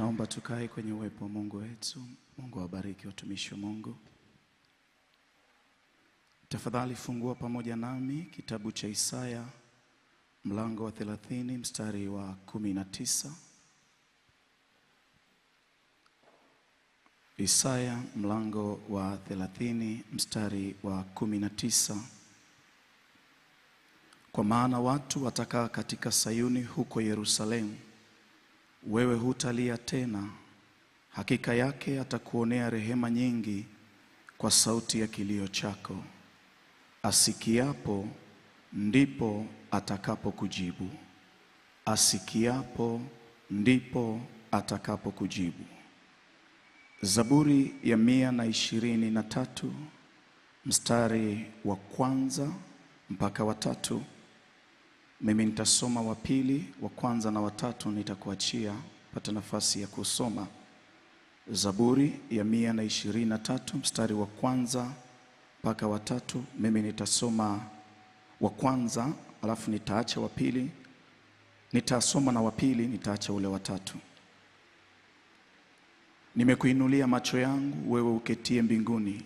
Naomba tukae kwenye uwepo wa Mungu wetu. Mungu awabariki watumishi wa Mungu. Tafadhali fungua pamoja nami kitabu cha Isaya mlango wa 30 mstari wa 19. Isaya mlango wa 30 mstari wa 19. Kwa maana watu watakaa katika Sayuni huko Yerusalemu wewe hutalia tena, hakika yake atakuonea rehema nyingi kwa sauti ya kilio chako, asikiapo ndipo atakapokujibu, asikiapo ndipo atakapokujibu. Zaburi ya mia na ishirini na tatu mstari wa kwanza mpaka wa tatu. Mimi nitasoma wa pili, wa kwanza na watatu nitakuachia pata nafasi ya kusoma. Zaburi ya mia na ishirini na tatu mstari wa kwanza mpaka watatu. Mimi nitasoma wa kwanza alafu nitaacha wa pili, nitasoma na wa pili nitaacha ule watatu. Nimekuinulia macho yangu wewe uketie mbinguni,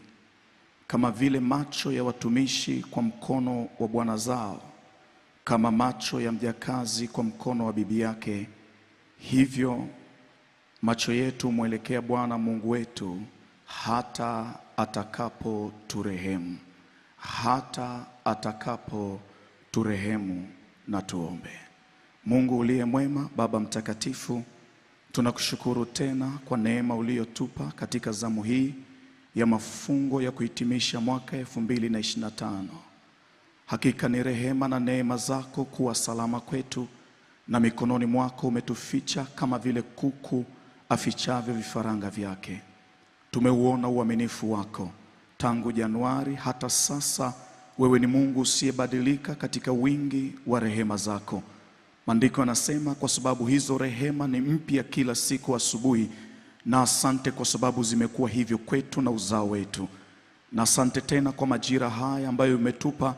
kama vile macho ya watumishi kwa mkono wa bwana zao kama macho ya mjakazi kwa mkono wa bibi yake, hivyo macho yetu mwelekea Bwana Mungu wetu hata atakapo turehemu, hata atakapo turehemu. Na tuombe. Mungu uliye mwema, Baba mtakatifu, tunakushukuru tena kwa neema uliyotupa katika zamu hii ya mafungo ya kuhitimisha mwaka 2025. Hakika ni rehema na neema zako kuwa salama kwetu, na mikononi mwako umetuficha kama vile kuku afichavyo vifaranga vyake. Tumeuona uaminifu wako tangu Januari hata sasa. Wewe ni Mungu usiyebadilika katika wingi wa rehema zako. Maandiko yanasema kwa sababu hizo rehema ni mpya kila siku asubuhi, na asante kwa sababu zimekuwa hivyo kwetu na uzao wetu, na asante tena kwa majira haya ambayo umetupa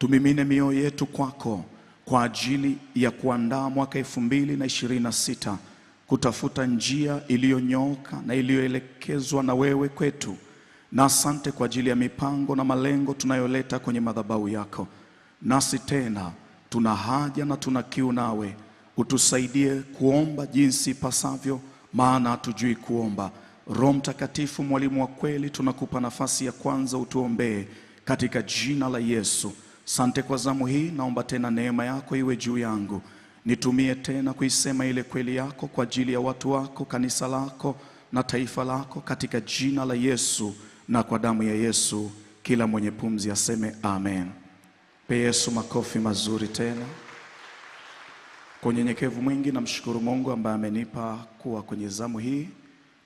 tumimine mioyo yetu kwako kwa ajili ya kuandaa mwaka elfu mbili na ishirini na sita kutafuta njia iliyonyooka na iliyoelekezwa na wewe kwetu, na asante kwa ajili ya mipango na malengo tunayoleta kwenye madhabahu yako. Nasi tena tuna haja na tuna kiu, nawe utusaidie kuomba jinsi ipasavyo, maana hatujui kuomba. Roho Mtakatifu, mwalimu wa kweli, tunakupa nafasi ya kwanza, utuombee katika jina la Yesu. Sante kwa zamu hii, naomba tena neema yako iwe juu yangu, nitumie tena kuisema ile kweli yako kwa ajili ya watu wako, kanisa lako na taifa lako, katika jina la Yesu na kwa damu ya Yesu. Kila mwenye pumzi aseme amen. Pe Yesu makofi mazuri tena. Kwa unyenyekevu mwingi namshukuru Mungu ambaye amenipa kuwa kwenye zamu hii.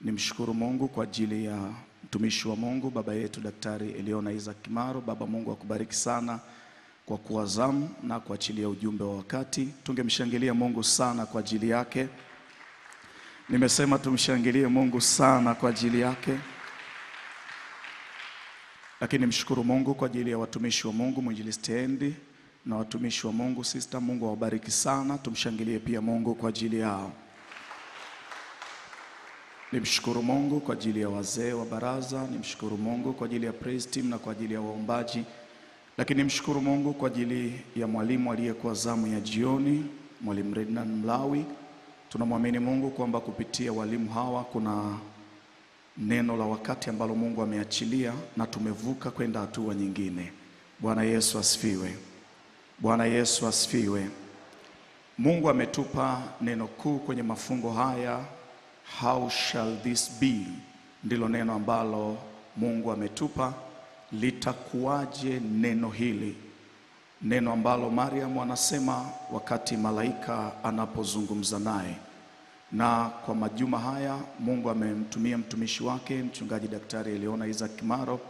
Nimshukuru Mungu kwa ajili ya mtumishi wa Mungu baba yetu Daktari Eliona Isaac Kimaro. Baba, Mungu akubariki sana kwa kuwazamu na kuachilia ujumbe wa wakati. Tungemshangilia Mungu sana kwa ajili yake. Nimesema tumshangilie Mungu sana kwa ajili yake, lakini mshukuru Mungu kwa ajili ya watumishi wa Mungu, mwinjilisti Endi na watumishi wa Mungu sister. Mungu awabariki sana, tumshangilie pia Mungu kwa ajili yao. Nimshukuru Mungu kwa ajili ya wazee wa baraza, nimshukuru Mungu kwa ajili ya praise team na kwa ajili ya waombaji. Lakini mshukuru Mungu kwa ajili ya mwalimu aliyekuwa zamu ya jioni, mwalimu Rednan Mlawi. Tunamwamini Mungu kwamba kupitia walimu hawa kuna neno la wakati ambalo Mungu ameachilia na tumevuka kwenda hatua nyingine. Bwana Yesu asifiwe. Bwana Yesu asifiwe. Mungu ametupa neno kuu kwenye mafungo haya, how shall this be? Ndilo neno ambalo Mungu ametupa litakuwaje neno hili, neno ambalo mariam anasema wakati malaika anapozungumza naye. Na kwa majuma haya Mungu amemtumia mtumishi wake mchungaji Daktari Eliona Isaac Kimaro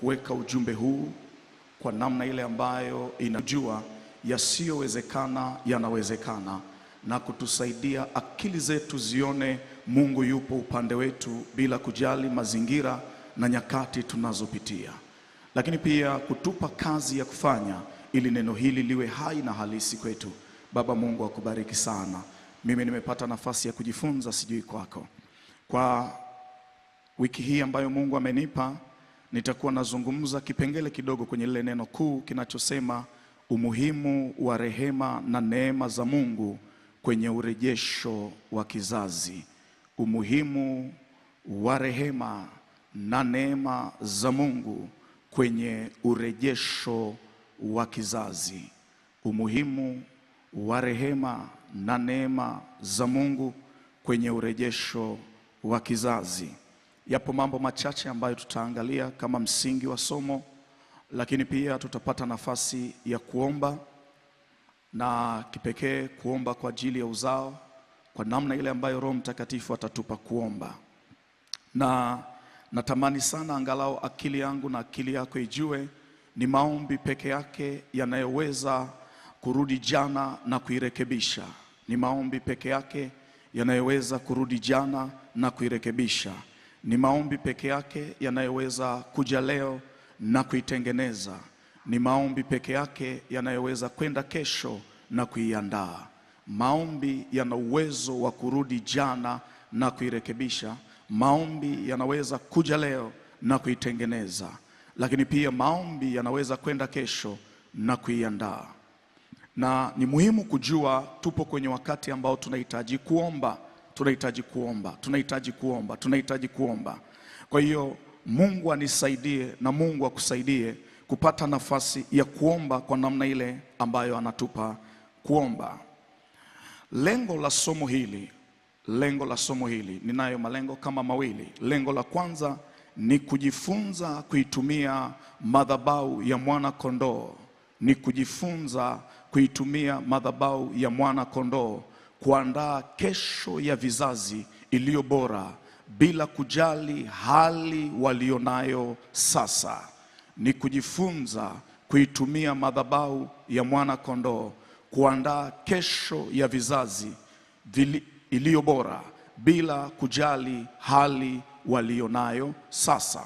kuweka ujumbe huu kwa namna ile ambayo inajua yasiyowezekana yanawezekana na kutusaidia akili zetu zione Mungu yupo upande wetu bila kujali mazingira na nyakati tunazopitia lakini pia kutupa kazi ya kufanya ili neno hili liwe hai na halisi kwetu. Baba Mungu akubariki sana. Mimi nimepata nafasi ya kujifunza, sijui kwako. Kwa wiki hii ambayo Mungu amenipa, nitakuwa nazungumza kipengele kidogo kwenye lile neno kuu kinachosema umuhimu wa rehema na neema za Mungu kwenye urejesho wa kizazi. Umuhimu wa rehema na neema za Mungu kwenye urejesho wa kizazi, umuhimu wa rehema na neema za Mungu kwenye urejesho wa kizazi. Yapo mambo machache ambayo tutaangalia kama msingi wa somo, lakini pia tutapata nafasi ya kuomba na kipekee kuomba kwa ajili ya uzao kwa namna ile ambayo Roho Mtakatifu atatupa kuomba na Natamani sana angalau akili yangu na akili yako ijue ni maombi peke yake yanayoweza kurudi jana na kuirekebisha. Ni maombi peke yake yanayoweza kurudi jana na kuirekebisha. Ni maombi peke yake yanayoweza kuja leo na kuitengeneza. Ni maombi peke yake yanayoweza kwenda kesho na kuiandaa. Maombi yana uwezo wa kurudi jana na kuirekebisha. Maombi yanaweza kuja leo na kuitengeneza, lakini pia maombi yanaweza kwenda kesho na kuiandaa. Na ni muhimu kujua tupo kwenye wakati ambao tunahitaji kuomba, tunahitaji kuomba, tunahitaji kuomba, tunahitaji kuomba. Kwa hiyo Mungu anisaidie na Mungu akusaidie kupata nafasi ya kuomba kwa namna ile ambayo anatupa kuomba. Lengo la somo hili Lengo la somo hili, ninayo malengo kama mawili. Lengo la kwanza ni kujifunza kuitumia madhabau ya mwana kondoo, ni kujifunza kuitumia madhabau ya mwana kondoo kuandaa kesho ya vizazi iliyo bora, bila kujali hali walionayo sasa. Ni kujifunza kuitumia madhabau ya mwana kondoo kuandaa kesho ya vizazi vili iliyo bora bila kujali hali walionayo sasa.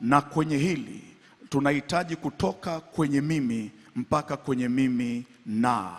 Na kwenye hili tunahitaji kutoka kwenye mimi mpaka kwenye mimi na,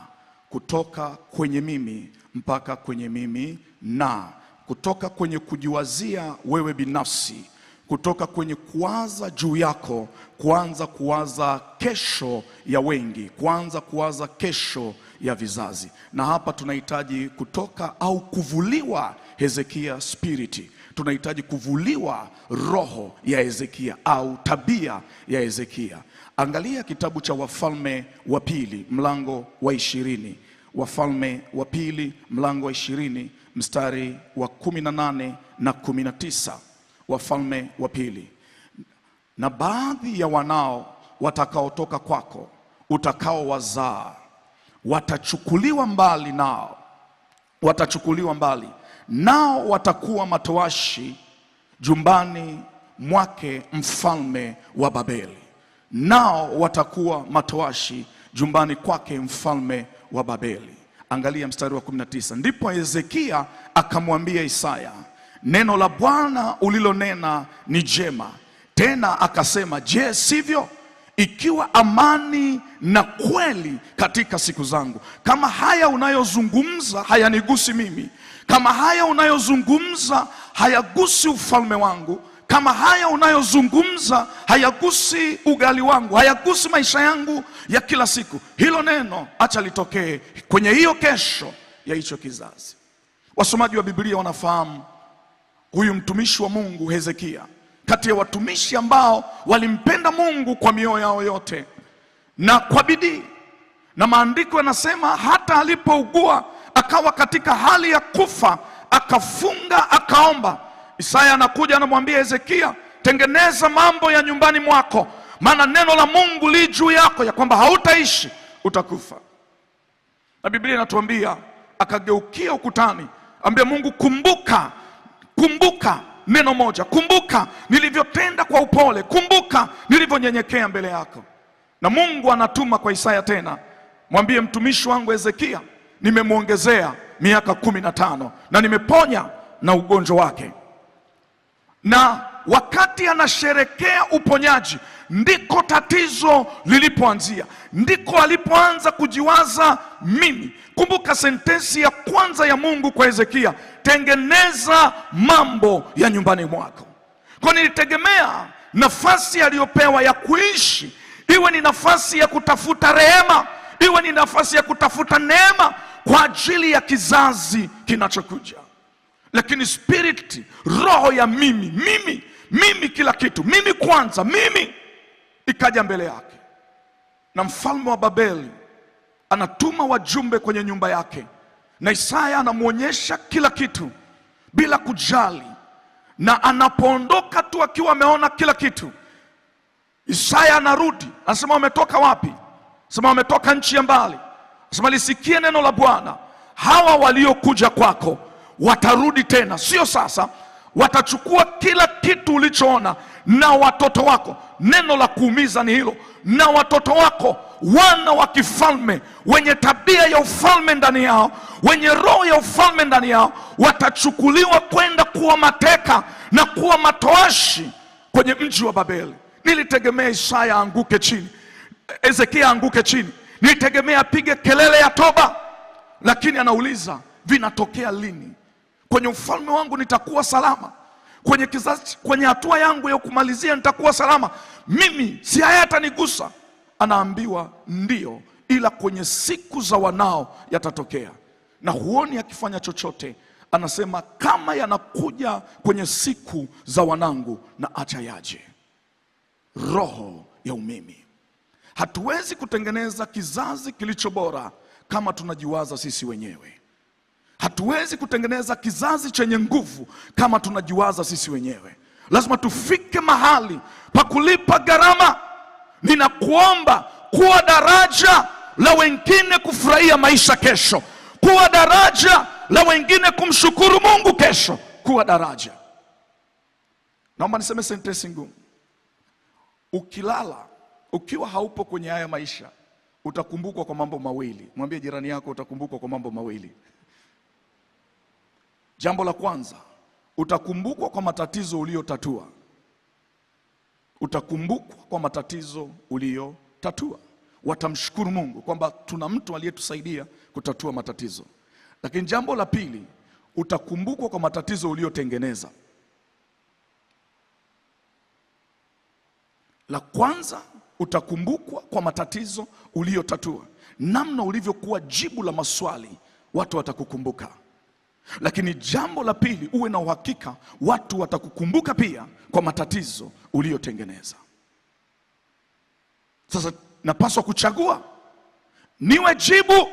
kutoka kwenye mimi mpaka kwenye mimi na, kutoka kwenye kujiwazia wewe binafsi, kutoka kwenye kuwaza juu yako, kuanza kuwaza kesho ya wengi, kuanza kuwaza kesho ya vizazi. Na hapa tunahitaji kutoka au kuvuliwa Hezekia spiriti, tunahitaji kuvuliwa roho ya Hezekia au tabia ya Hezekia. Angalia kitabu cha Wafalme wa Pili mlango wa ishirini. Wafalme wa Pili mlango wa ishirini mstari wa kumi na nane na kumi na tisa. Wafalme wa Pili. Na baadhi ya wanao watakaotoka kwako utakaowazaa watachukuliwa mbali nao, watachukuliwa mbali nao, watakuwa matowashi jumbani mwake mfalme wa Babeli, nao watakuwa matowashi jumbani kwake mfalme wa Babeli. Angalia mstari wa 19. Ndipo Hezekia akamwambia Isaya, neno la Bwana ulilonena ni jema. Tena akasema, je, sivyo? ikiwa amani na kweli katika siku zangu. Kama haya unayozungumza hayanigusi mimi, kama haya unayozungumza hayagusi ufalme wangu, kama haya unayozungumza hayagusi ugali wangu, hayagusi maisha yangu ya kila siku, hilo neno acha litokee kwenye hiyo kesho ya hicho kizazi. Wasomaji wa Biblia wanafahamu huyu mtumishi wa Mungu Hezekia kati ya watumishi ambao walimpenda Mungu kwa mioyo yao yote na kwa bidii, na maandiko yanasema hata alipougua akawa katika hali ya kufa akafunga akaomba. Isaya anakuja anamwambia Hezekia, tengeneza mambo ya nyumbani mwako, maana neno la Mungu li juu yako, ya kwamba hautaishi utakufa. Na Biblia inatuambia akageukia ukutani, ambia Mungu, kumbuka kumbuka neno moja, kumbuka nilivyotenda kwa upole, kumbuka nilivyonyenyekea mbele yako. Na Mungu anatuma kwa Isaya tena, mwambie mtumishi wangu Hezekia, nimemwongezea miaka kumi na tano na nimeponya na ugonjwa wake. Na wakati anasherekea uponyaji ndiko tatizo lilipoanzia, ndiko alipoanza kujiwaza mimi. Kumbuka sentensi ya kwanza ya Mungu kwa Hezekia, tengeneza mambo ya nyumbani mwako. Kwa nilitegemea nafasi aliyopewa ya kuishi iwe ni nafasi ya kutafuta rehema, iwe ni nafasi ya kutafuta neema kwa ajili ya kizazi kinachokuja, lakini spiriti, roho ya mimi, mimi, mimi, kila kitu, mimi kwanza, mimi ikaja mbele yake, na mfalme wa Babeli anatuma wajumbe kwenye nyumba yake, na Isaya anamwonyesha kila kitu bila kujali, na anapoondoka tu akiwa ameona kila kitu, Isaya anarudi anasema, wametoka wapi? Sema wametoka nchi ya mbali. Sema lisikie neno la Bwana, hawa waliokuja kwako watarudi tena, sio sasa, watachukua kila kitu ulichoona na watoto wako. Neno la kuumiza ni hilo, na watoto wako, wana wa kifalme wenye tabia ya ufalme ndani yao, wenye roho ya ufalme ndani yao, watachukuliwa kwenda kuwa mateka na kuwa matoashi kwenye mji wa Babeli. Nilitegemea Isaya anguke chini, Ezekia anguke chini, nilitegemea apige kelele ya toba, lakini anauliza vinatokea lini? Kwenye ufalme wangu nitakuwa salama? kwenye kizazi, kwenye hatua yangu ya kumalizia nitakuwa salama, mimi si haya yatanigusa. Anaambiwa ndio ila kwenye siku za wanao yatatokea, na huoni akifanya chochote. Anasema kama yanakuja kwenye siku za wanangu, na acha yaje. Roho ya umimi. Hatuwezi kutengeneza kizazi kilicho bora kama tunajiwaza sisi wenyewe. Hatuwezi kutengeneza kizazi chenye nguvu kama tunajiwaza sisi wenyewe. Lazima tufike mahali pa kulipa gharama. Ninakuomba kuwa daraja la wengine kufurahia maisha kesho, kuwa daraja la wengine kumshukuru Mungu kesho, kuwa daraja. Naomba niseme sentensi ngumu. Ukilala ukiwa haupo kwenye haya maisha, utakumbukwa kwa mambo mawili. Mwambie jirani yako, utakumbukwa kwa mambo mawili. Jambo la kwanza, utakumbukwa kwa matatizo uliyotatua. Utakumbukwa kwa matatizo uliyotatua. Watamshukuru Mungu kwamba tuna mtu aliyetusaidia kutatua matatizo. Lakini jambo la pili, utakumbukwa kwa matatizo uliyotengeneza. La kwanza utakumbukwa kwa matatizo uliyotatua, namna ulivyokuwa jibu la maswali, watu watakukumbuka. Lakini jambo la pili, uwe na uhakika watu watakukumbuka pia kwa matatizo uliyotengeneza. Sasa napaswa kuchagua niwe jibu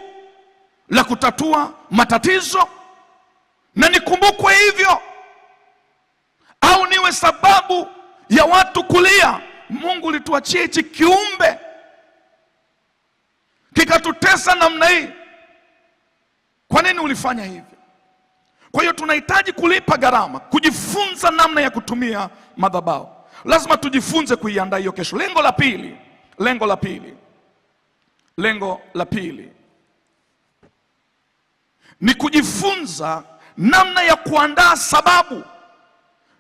la kutatua matatizo na nikumbukwe hivyo, au niwe sababu ya watu kulia, Mungu lituachie hichi kiumbe kikatutesa namna hii, kwa nini ulifanya hivi? Kwa hiyo tunahitaji kulipa gharama, kujifunza namna ya kutumia madhabahu. Lazima tujifunze kuiandaa hiyo kesho. Lengo la pili, lengo la pili, lengo la pili ni kujifunza namna ya kuandaa sababu,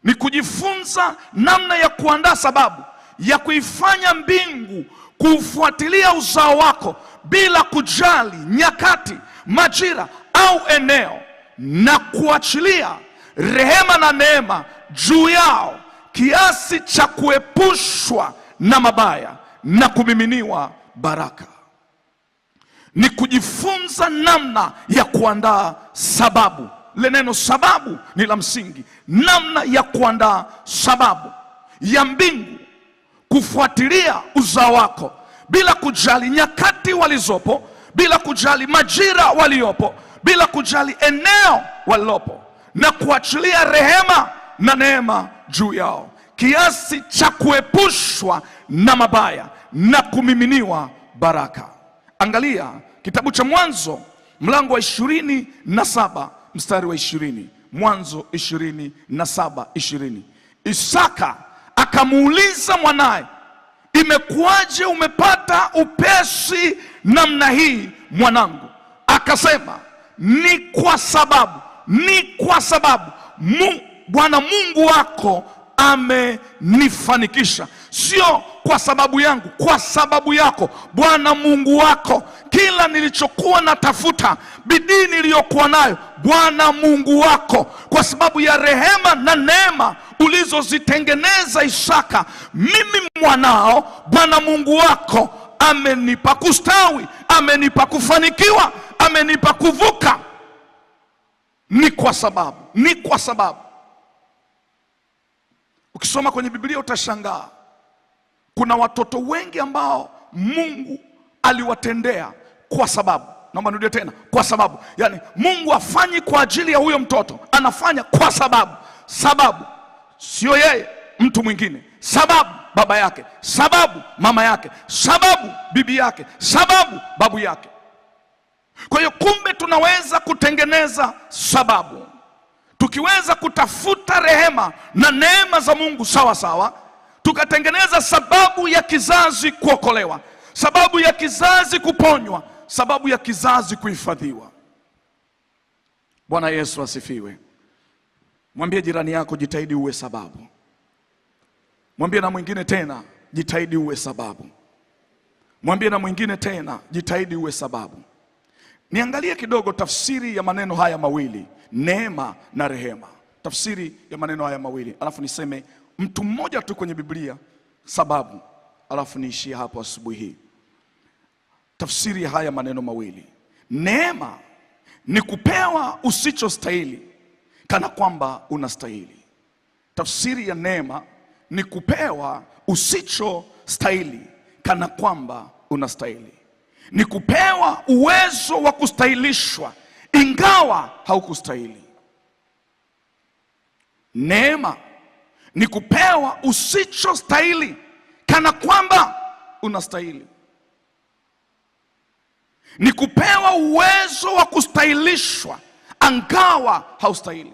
ni kujifunza namna ya kuandaa sababu ya kuifanya mbingu kuufuatilia uzao wako bila kujali nyakati, majira au eneo na kuachilia rehema na neema juu yao kiasi cha kuepushwa na mabaya na kumiminiwa baraka. Ni kujifunza namna ya kuandaa sababu. Le neno sababu ni la msingi, namna ya kuandaa sababu ya mbingu kufuatilia uzao wako bila kujali nyakati walizopo, bila kujali majira waliopo bila kujali eneo walilopo na kuachilia rehema na neema juu yao kiasi cha kuepushwa na mabaya na kumiminiwa baraka. Angalia kitabu cha Mwanzo mlango wa ishirini na saba mstari wa ishirini Mwanzo ishirini na saba ishirini Isaka akamuuliza mwanaye, imekuwaje umepata upesi namna hii mwanangu? Akasema, ni kwa sababu ni kwa sababu Mu, Bwana Mungu wako amenifanikisha, sio kwa sababu yangu, kwa sababu yako Bwana Mungu wako. Kila nilichokuwa natafuta, bidii niliyokuwa nayo, Bwana Mungu wako, kwa sababu ya rehema na neema ulizozitengeneza Isaka, mimi mwanao, Bwana Mungu wako amenipa kustawi, amenipa kufanikiwa, amenipa kuvuka, ni kwa sababu ni kwa sababu. Ukisoma kwenye Biblia utashangaa kuna watoto wengi ambao Mungu aliwatendea kwa sababu. Naomba nirudie tena, kwa sababu. Yaani Mungu afanyi kwa ajili ya huyo mtoto, anafanya kwa sababu. Sababu sio yeye mtu mwingine, sababu baba yake, sababu mama yake, sababu bibi yake, sababu babu yake. Kwa hiyo kumbe, tunaweza kutengeneza sababu tukiweza kutafuta rehema na neema za Mungu sawa sawa, tukatengeneza sababu ya kizazi kuokolewa, sababu ya kizazi kuponywa, sababu ya kizazi kuhifadhiwa. Bwana Yesu asifiwe. Mwambie jirani yako, jitahidi uwe sababu. Mwambie na mwingine tena, jitahidi uwe sababu. Mwambie na mwingine tena, jitahidi uwe sababu. Niangalie kidogo tafsiri ya maneno haya mawili, neema na rehema. Tafsiri ya maneno haya mawili alafu niseme mtu mmoja tu kwenye Biblia sababu, alafu niishie hapo asubuhi hii. Tafsiri ya haya maneno mawili, neema ni kupewa usichostahili kana kwamba unastahili. Tafsiri ya neema ni kupewa usicho stahili kana kwamba unastahili, ni kupewa uwezo wa kustahilishwa ingawa haukustahili. Neema ni kupewa usicho stahili kana kwamba unastahili, ni kupewa uwezo wa kustahilishwa angawa haustahili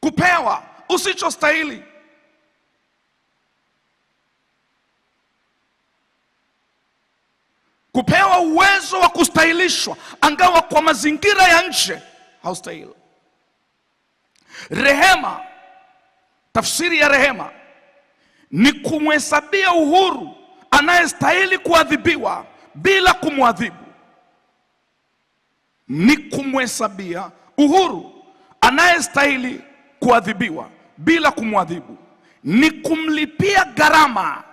kupewa usichostahili. Kupewa uwezo wa kustahilishwa, angawa kwa mazingira ya nje haustahili. Rehema, tafsiri ya rehema ni kumhesabia uhuru anayestahili kuadhibiwa bila kumwadhibu. Ni kumhesabia uhuru anayestahili kuadhibiwa bila kumwadhibu, ni kumlipia gharama,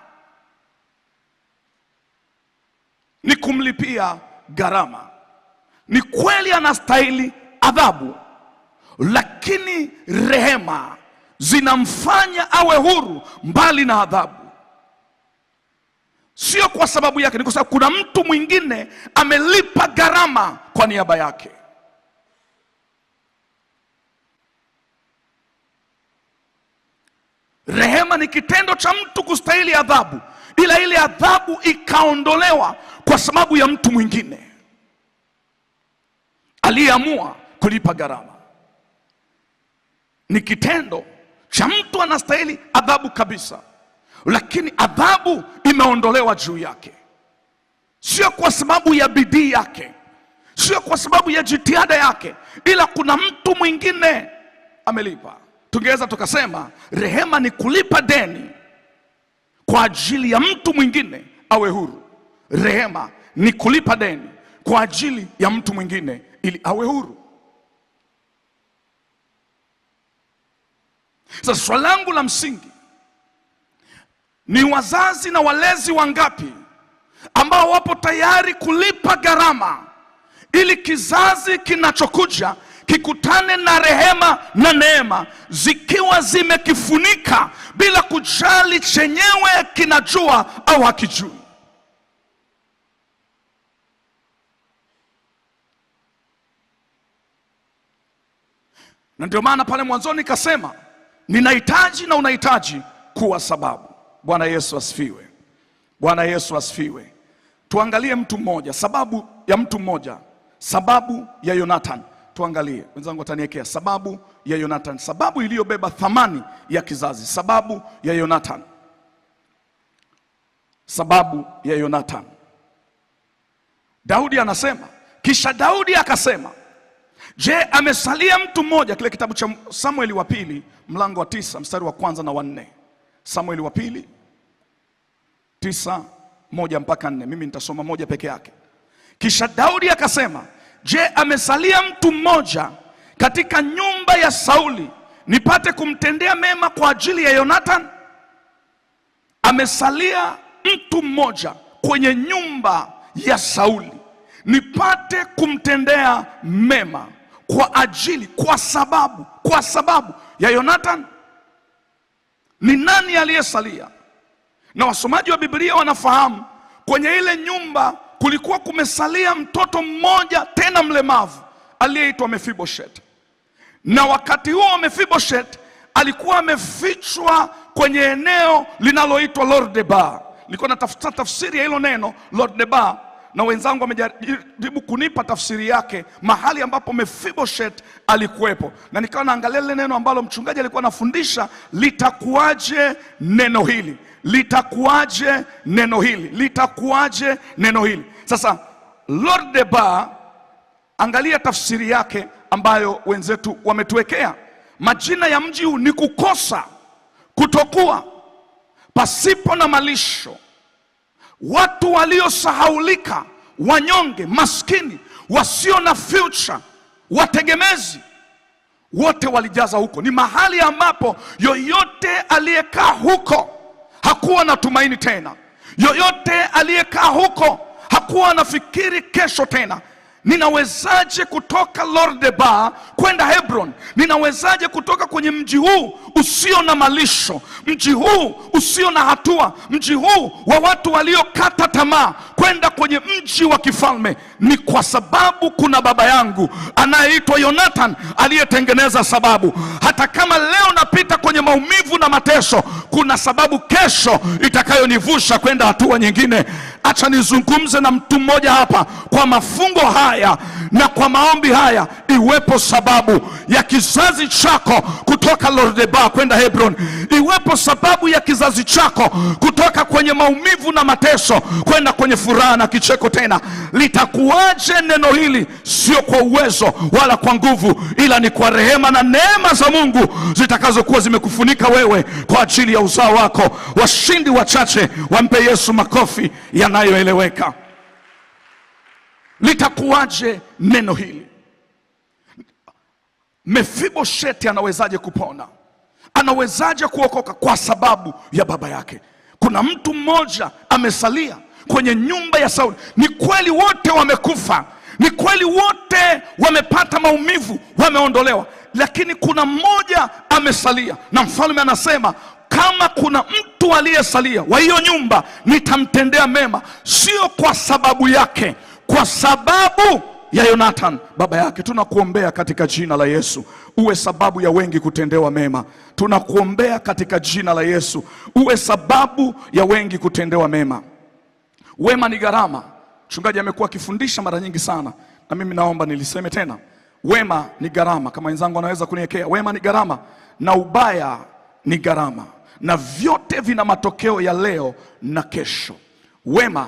ni kumlipia gharama. Ni kweli anastahili adhabu, lakini rehema zinamfanya awe huru mbali na adhabu. Sio kwa sababu yake, ni kwa sababu kuna mtu mwingine amelipa gharama kwa niaba yake. Rehema ni kitendo cha mtu kustahili adhabu, ila ile adhabu ikaondolewa kwa sababu ya mtu mwingine aliyeamua kulipa gharama. Ni kitendo cha mtu anastahili adhabu kabisa, lakini adhabu imeondolewa juu yake, sio kwa sababu ya bidii yake, sio kwa sababu ya jitihada yake, ila kuna mtu mwingine amelipa tungeweza tukasema rehema ni kulipa deni kwa ajili ya mtu mwingine awe huru. Rehema ni kulipa deni kwa ajili ya mtu mwingine ili awe huru. Sasa swali langu la msingi ni wazazi na walezi wangapi ambao wapo tayari kulipa gharama ili kizazi kinachokuja kikutane na rehema na neema zikiwa zimekifunika bila kujali chenyewe kinajua au hakijui. Na ndio maana pale mwanzoni kasema ninahitaji na unahitaji kuwa sababu. Bwana Yesu asifiwe. Bwana Yesu asifiwe. Tuangalie mtu mmoja, sababu ya mtu mmoja, sababu ya Yonathani tuangalie, wenzangu wataniekea sababu ya Yonathan, sababu iliyobeba thamani ya kizazi, sababu ya Yonathan, sababu ya Yonathan. Daudi anasema, kisha Daudi akasema, je, amesalia mtu mmoja? Kile kitabu cha Samueli wa pili mlango wa tisa mstari wa kwanza na wa nne. Samueli wa pili tisa moja mpaka nne. Mimi nitasoma moja peke yake. Kisha Daudi akasema Je, amesalia mtu mmoja katika nyumba ya Sauli nipate kumtendea mema kwa ajili ya Yonathan? Amesalia mtu mmoja kwenye nyumba ya Sauli nipate kumtendea mema kwa ajili, kwa sababu, kwa sababu ya Yonathan? Ni nani aliyesalia? Na wasomaji wa Biblia wanafahamu kwenye ile nyumba kulikuwa kumesalia mtoto mmoja tena mlemavu aliyeitwa Mefiboshet, na wakati huo Mefiboshet alikuwa amefichwa kwenye eneo linaloitwa Lordebar. Nilikuwa natafuta tafsiri ya hilo neno Lordebar na wenzangu wamejaribu kunipa tafsiri yake mahali ambapo Mefiboshet alikuwepo, na nikawa naangalia lile neno ambalo mchungaji alikuwa anafundisha, litakuwaje neno hili, litakuwaje neno hili, litakuwaje neno hili. Sasa lord deba angalia tafsiri yake ambayo wenzetu wametuwekea. Majina ya mji huu ni kukosa, kutokuwa, pasipo na malisho watu waliosahaulika, wanyonge, maskini, wasio na future, wategemezi, wote walijaza huko. Ni mahali ambapo yoyote aliyekaa huko hakuwa na tumaini tena, yoyote aliyekaa huko hakuwa anafikiri kesho tena. Ninawezaje kutoka Lordebar kwenda Hebron? Ninawezaje kutoka kwenye mji huu usio na malisho, mji huu usio na hatua, mji huu wa watu waliokata tamaa kwenda kwenye mji wa kifalme? Ni kwa sababu kuna baba yangu anayeitwa Yonathan aliyetengeneza sababu. Hata kama leo napita kwenye maumivu na mateso, kuna sababu kesho itakayonivusha kwenda hatua nyingine. Acha nizungumze na mtu mmoja hapa kwa mafungo haya haya na kwa maombi haya iwepo sababu ya kizazi chako kutoka Lodeba kwenda Hebron, iwepo sababu ya kizazi chako kutoka kwenye maumivu na mateso kwenda kwenye furaha na kicheko tena. Litakuwaje neno hili? Sio kwa uwezo wala kwa nguvu, ila ni kwa rehema na neema za Mungu zitakazokuwa zimekufunika wewe kwa ajili ya uzao wako. Washindi wachache wampe Yesu makofi yanayoeleweka litakuwaje neno hili? sheti anawezaje kupona? Anawezaje kuokoka? Kwa sababu ya baba yake. Kuna mtu mmoja amesalia kwenye nyumba ya Sauli. Ni kweli wote wamekufa, ni kweli wote wamepata maumivu, wameondolewa, lakini kuna mmoja amesalia, na mfalme anasema kama kuna mtu aliyesalia wa hiyo nyumba nitamtendea mema, sio kwa sababu yake kwa sababu ya Yonathan baba yake. Tunakuombea katika jina la Yesu, uwe sababu ya wengi kutendewa mema. Tunakuombea katika jina la Yesu, uwe sababu ya wengi kutendewa mema. Wema ni gharama. Mchungaji amekuwa akifundisha mara nyingi sana, na mimi naomba niliseme tena, wema ni gharama. Kama wenzangu wanaweza kuniekea wema ni gharama na ubaya ni gharama, na vyote vina matokeo ya leo na kesho. Wema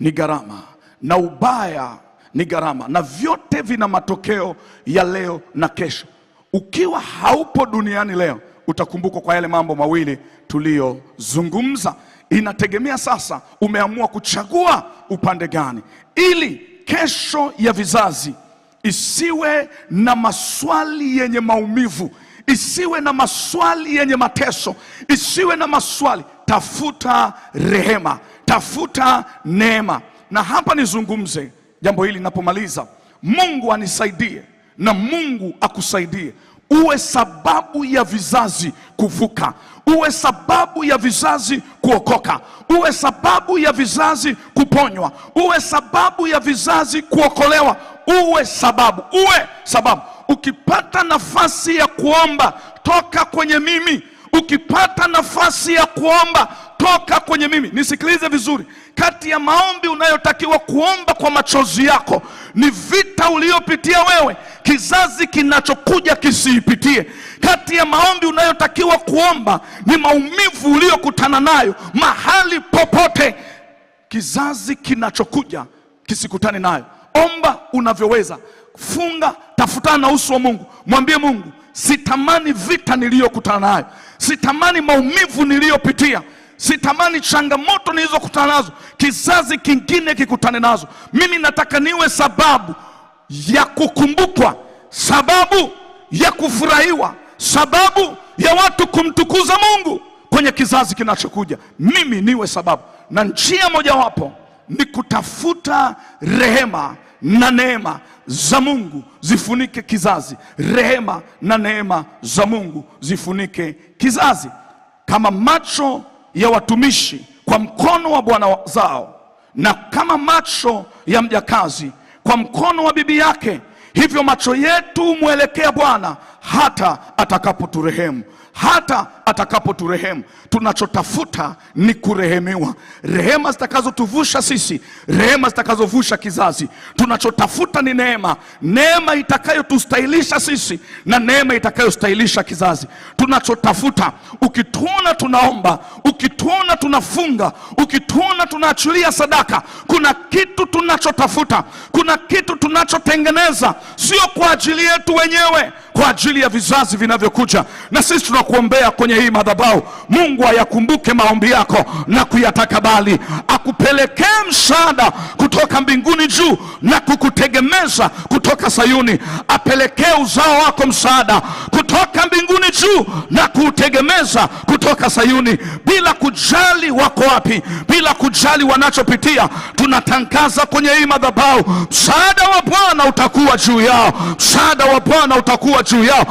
ni gharama na ubaya ni gharama, na vyote vina matokeo ya leo na kesho. Ukiwa haupo duniani leo, utakumbukwa kwa yale mambo mawili tuliyozungumza. Inategemea sasa umeamua kuchagua upande gani, ili kesho ya vizazi isiwe na maswali yenye maumivu, isiwe na maswali yenye mateso, isiwe na maswali. Tafuta rehema, tafuta neema na hapa nizungumze jambo hili napomaliza. Mungu anisaidie na Mungu akusaidie uwe sababu ya vizazi kuvuka, uwe sababu ya vizazi kuokoka, uwe sababu ya vizazi kuponywa, uwe sababu ya vizazi kuokolewa, uwe sababu, uwe sababu. Ukipata nafasi ya kuomba, toka kwenye mimi Ukipata nafasi ya kuomba toka kwenye mimi, nisikilize vizuri. Kati ya maombi unayotakiwa kuomba kwa machozi yako ni vita uliyopitia wewe, kizazi kinachokuja kisiipitie. Kati ya maombi unayotakiwa kuomba ni maumivu uliyokutana nayo mahali popote, kizazi kinachokuja kisikutane nayo. Omba unavyoweza, funga, tafutana na uso wa Mungu, mwambie Mungu Sitamani vita niliyokutana nayo, sitamani maumivu niliyopitia, sitamani changamoto nilizokutana nazo, kizazi kingine kikutane nazo. Mimi nataka niwe sababu ya kukumbukwa, sababu ya kufurahiwa, sababu ya watu kumtukuza Mungu kwenye kizazi kinachokuja. Mimi niwe sababu, na njia mojawapo ni kutafuta rehema na neema za Mungu zifunike kizazi, rehema na neema za Mungu zifunike kizazi, kama macho ya watumishi kwa mkono wa bwana zao, na kama macho ya mjakazi kwa mkono wa bibi yake, hivyo macho yetu mwelekea Bwana hata atakapoturehemu hata atakapoturehemu. Tunachotafuta ni kurehemiwa, rehema zitakazotuvusha sisi, rehema zitakazovusha kizazi. Tunachotafuta ni neema, neema itakayotustahilisha sisi na neema itakayostahilisha kizazi. Tunachotafuta ukituona tunaomba, ukituona tunafunga, ukituona tunaachilia sadaka, kuna kitu tunachotafuta, kuna kitu tunachotengeneza, sio kwa ajili yetu wenyewe, kwa ajili ya vizazi vinavyokuja. Na sisi tunakuombea kwenye hii madhabahu, Mungu ayakumbuke maombi yako na kuyatakabali, akupelekee msaada kutoka mbinguni juu na kukutegemeza kutoka Sayuni, apelekee uzao wako msaada kutoka mbinguni juu na kuutegemeza kutoka Sayuni, bila kujali wako wapi, bila kujali wanachopitia. Tunatangaza kwenye hii madhabahu, msaada wa Bwana utakuwa juu yao, msaada wa Bwana utakuwa juu yao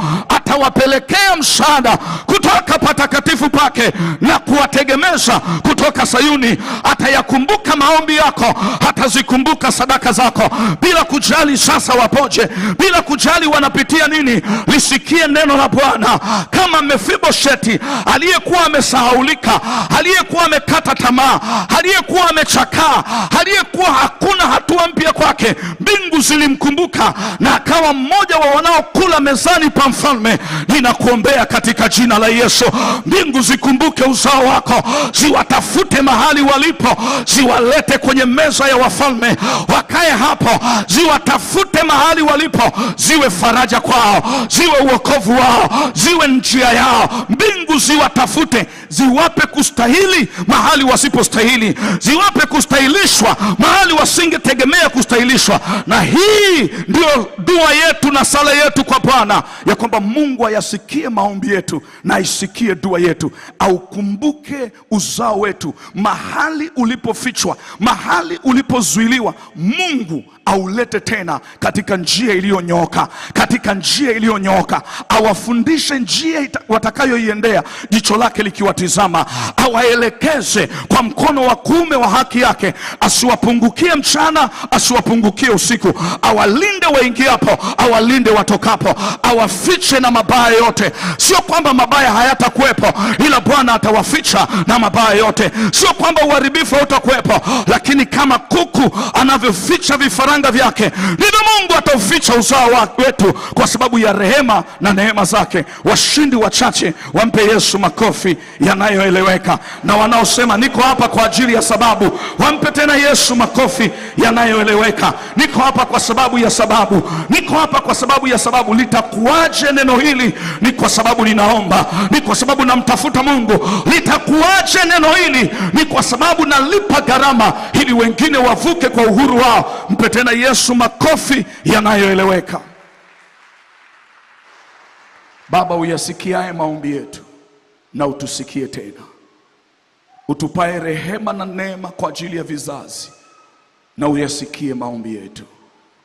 atawapelekea msaada kutoka pata patakatifu pake na kuwategemeza kutoka Sayuni. Atayakumbuka maombi yako, atazikumbuka sadaka zako, bila kujali sasa wapoje, bila kujali wanapitia nini. Lisikie neno la Bwana. Kama Mefibosheti aliyekuwa amesahaulika, aliyekuwa amekata tamaa, aliyekuwa amechakaa, aliyekuwa hakuna hatua mpya kwake, mbingu zilimkumbuka na akawa mmoja wa wanaokula mezani pa mfalme. Ninakuombea katika jina la Yesu mbingu mbingu zikumbuke uzao wako, ziwatafute mahali walipo, ziwalete kwenye meza ya wafalme, wakae hapo, ziwatafute mahali walipo, ziwe faraja kwao, ziwe uokovu wao, ziwe njia yao. Mbingu ziwatafute, ziwape kustahili mahali wasipostahili, ziwape kustahilishwa mahali wasingetegemea kustahilishwa. Na hii ndiyo dua yetu na sala yetu kwa Bwana ya kwamba Mungu ayasikie maombi yetu na aisikie dua yetu yetu, aukumbuke uzao wetu, mahali ulipofichwa, mahali ulipozuiliwa, Mungu aulete tena katika njia iliyonyooka, katika njia iliyonyooka, awafundishe njia watakayoiendea, jicho lake likiwatizama, awaelekeze kwa mkono wa kuume wa haki yake, asiwapungukie mchana, asiwapungukie usiku, awalinde waingiapo, awalinde watokapo, awafiche na mabaya yote. Sio kwamba mabaya hayatakuwepo, ila Bwana atawaficha na mabaya yote. Sio kwamba uharibifu hautakuwepo, lakini kama kuku anavyoficha vifaranga vyake, ndivyo Mungu atauficha uzao wetu kwa sababu ya rehema na neema zake. Washindi wachache wampe Yesu makofi yanayoeleweka, na wanaosema niko hapa kwa ajili ya sababu wampe tena Yesu makofi yanayoeleweka. Niko hapa kwa sababu ya sababu, niko hapa kwa sababu ya sababu. Litakuwaje neno hili? Ni kwa sababu ninaomba, ni kwa sababu namta kumtafuta Mungu, litakuache neno hili, ni kwa sababu nalipa gharama ili wengine wavuke kwa uhuru wao. Mpe tena Yesu makofi yanayoeleweka. Baba uyasikiaye maombi yetu na utusikie tena, utupae rehema na neema kwa ajili ya vizazi, na uyasikie maombi yetu,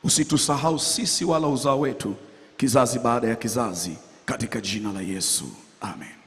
usitusahau sisi wala uzao wetu, kizazi baada ya kizazi, katika jina la Yesu, amen.